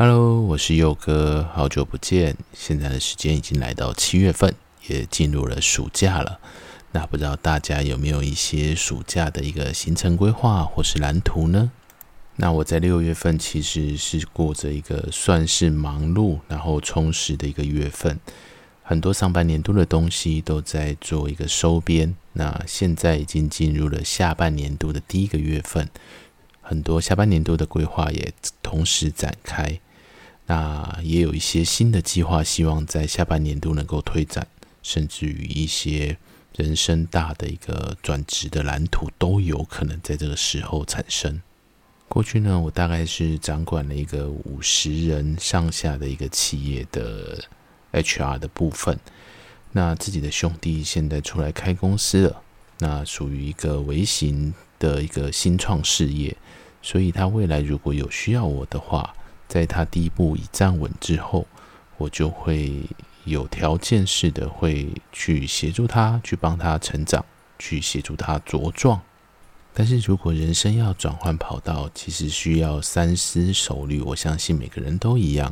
Hello，我是佑哥，好久不見。現在的時間已經來到七月份，也進入了暑假了。那不知道大家有沒有一些暑假的一個行程規劃或是藍圖呢？那我在六月份其實是過着一個算是忙碌然後充實的一個月份，很多上半年度的東西都在做一個收編。那現在已經進入了下半年度的第一個月份，很多下半年度的規劃也同時展開。那也有一些新的計劃，希望在下半年度能夠推展，甚至於一些人生大的一個轉職的藍圖都有可能在這個時候產生。過去呢，我大概是掌管了一個五十人上下的一個企業的 HR 的部分。那自己的兄弟現在出來開公司了，那屬於一個微型的一個新創事業，所以他未來如果有需要我的話。在他第一步已站穩之後，我就會有條件式的會去協助他，去幫他成長，去協助他茁壯。但是如果人生要轉換跑道，其實需要三思熟慮。我相信每個人都一樣，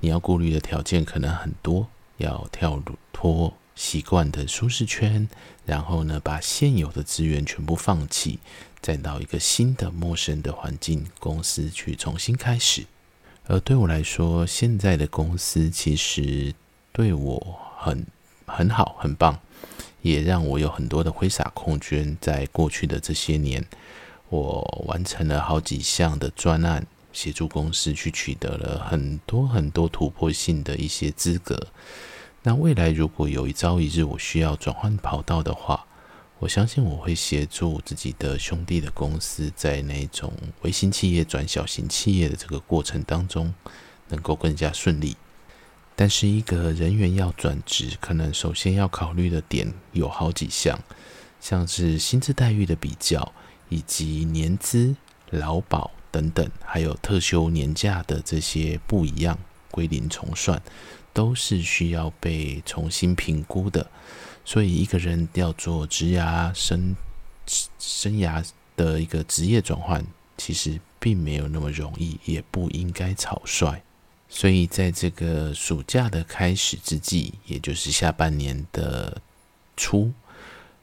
你要顧慮的條件可能很多，要跳脫習慣的舒適圈，然後呢，把現有的資源全部放棄，再到一個新的陌生的環境，公司去重新開始。而對我來說，現在的公司其實對我很很好、很棒，也讓我有很多的揮灑空間。在過去的這些年，我完成了好幾項的專案，協助公司去取得了很多很多突破性的一些資格。那未來如果有一朝一日我需要轉換跑道的話，我相信我會協助自己的兄弟的公司在那種微型企業轉小型企業的這個過程當中，能夠更加順利。但是，一個人員要轉職，可能首先要考慮的點有好幾項，像是薪資待遇的比較，以及年資、勞保等等，還有特休、年假的這些不一樣，歸零重算。都是需要被重新評估的，所以一個人要做職涯生生涯的一個職業轉換，其實並沒有那麼容易，也不應該草率。所以在這個暑假的開始之際，也就是下半年的初，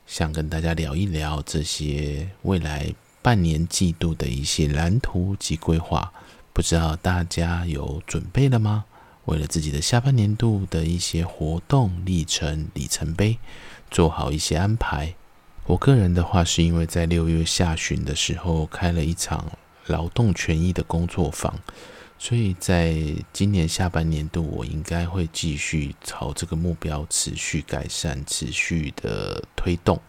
想跟大家聊一聊這些未來半年季度的一些藍圖及規劃，不知道大家有準備了嗎？為了自己的下半年度的一些活動歷程里程碑，做好一些安排。我個人的話，是因為在六月下旬的時候開了一場勞動權益的工作坊，所以在今年下半年度，我應該會繼續朝這個目標持續改善、持續的推動，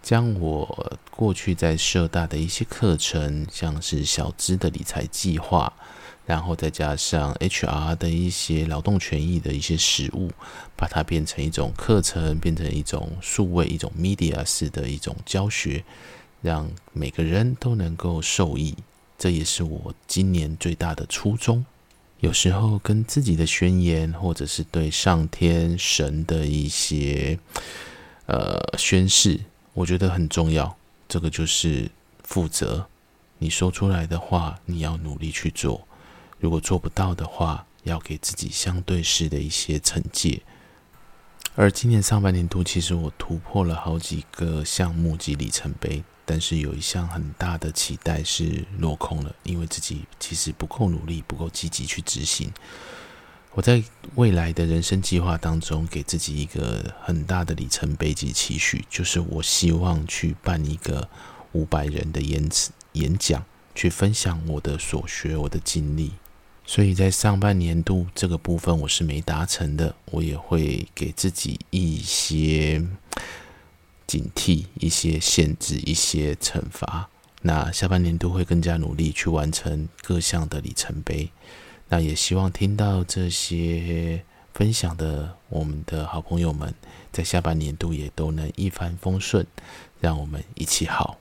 將我過去在社大的一些課程，像是小資的理財計劃。然後再加上 HR 的一些勞動權益的一些實務，把它變成一種課程，變成一種數位、一種 media 式的一種教學，讓每個人都能夠受益。這也是我今年最大的初衷。有時候跟自己的宣言，或者是對上天神的一些呃宣誓，我覺得很重要。這個就是負責，你說出來的話，你要努力去做。如果做不到的話，要給自己相對式的一些懲戒。而今年上半年度，其實我突破了好幾個項目及里程碑，但是有一項很大的期待是落空了，因為自己其實不夠努力、不夠積極去執行。我在未來的人生計劃當中，給自己一個很大的里程碑及期許，就是我希望去辦一個五百人的演演講，去分享我的所學、我的經歷。所以在上半年度這個部分我是沒達成的，我也會給自己一些警惕、一些限制、一些懲罰。那下半年度會更加努力去完成各項的里程碑。那也希望聽到這些分享的我們的好朋友們，在下半年度也都能一帆風順，讓我們一起好。